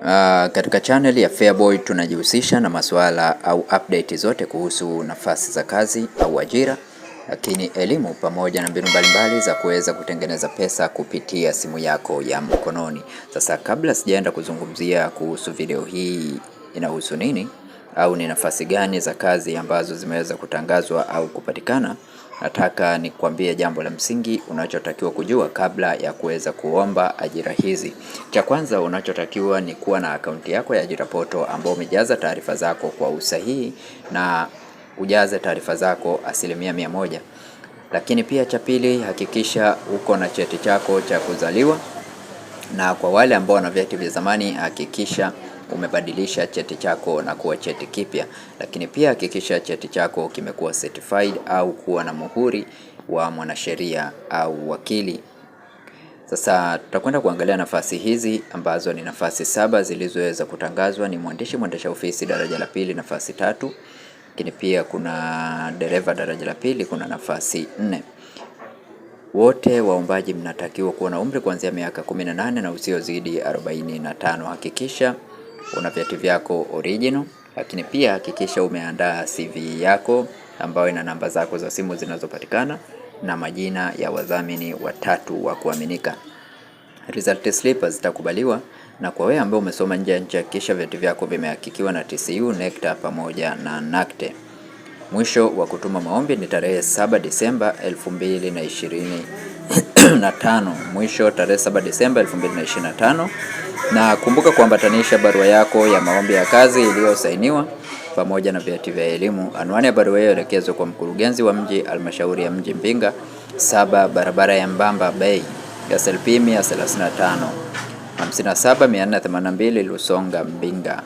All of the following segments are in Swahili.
Uh, katika channel ya Fairboy tunajihusisha na masuala au update zote kuhusu nafasi za kazi au ajira, lakini elimu pamoja na mbinu mbalimbali za kuweza kutengeneza pesa kupitia simu yako ya mkononi. Sasa kabla sijaenda kuzungumzia kuhusu video hii inahusu nini au ni nafasi gani za kazi ambazo zimeweza kutangazwa au kupatikana, nataka nikuambie jambo la msingi unachotakiwa kujua kabla ya kuweza kuomba ajira hizi. Cha kwanza unachotakiwa ni kuwa na akaunti yako ya ajira poto, ambayo umejaza taarifa zako kwa usahihi na ujaze taarifa zako asilimia mia moja. Lakini pia cha pili, hakikisha uko na cheti chako cha kuzaliwa, na kwa wale ambao wana vyeti vya zamani hakikisha umebadilisha cheti chako na kuwa cheti kipya, lakini pia hakikisha cheti chako kimekuwa certified au kuwa na muhuri wa mwanasheria au wakili. Sasa tutakwenda kuangalia nafasi hizi ambazo ni nafasi saba zilizoweza kutangazwa: ni mwandishi mwendesha ofisi daraja la pili, nafasi tatu, lakini pia kuna dereva daraja la pili, kuna nafasi nne. Wote waombaji mnatakiwa kuwa na umri kuanzia miaka 18 na usiozidi 45. Hakikisha una vyeti vyako original, lakini pia hakikisha umeandaa CV yako ambayo ina namba zako za simu zinazopatikana na majina ya wadhamini watatu wa kuaminika. Result slip zitakubaliwa na kwa wewe ambaye umesoma nje ya nchi, hakikisha vyeti vyako vimehakikiwa na TCU, NECTA pamoja na NACTE. Mwisho wa kutuma maombi ni tarehe 7 Disemba 2020 na tano mwisho tarehe saba Desemba elfu mbili na ishirini na na tano kumbuka kuambatanisha barua yako ya maombi ya kazi iliyosainiwa pamoja na vyeti vya elimu. Anwani ya barua hiyo elekezwe kwa mkurugenzi wa mji almashauri ya mji Mbinga saba barabara ya Mbamba Bay SLP 135 57482 Lusonga Mbinga.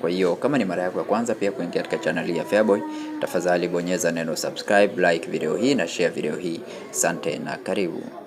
Kwa hiyo kama ni mara yako ya kwanza pia kuingia katika chaneli ya Feaboy, tafadhali bonyeza neno subscribe, like video hii na share video hii. Sante na karibu.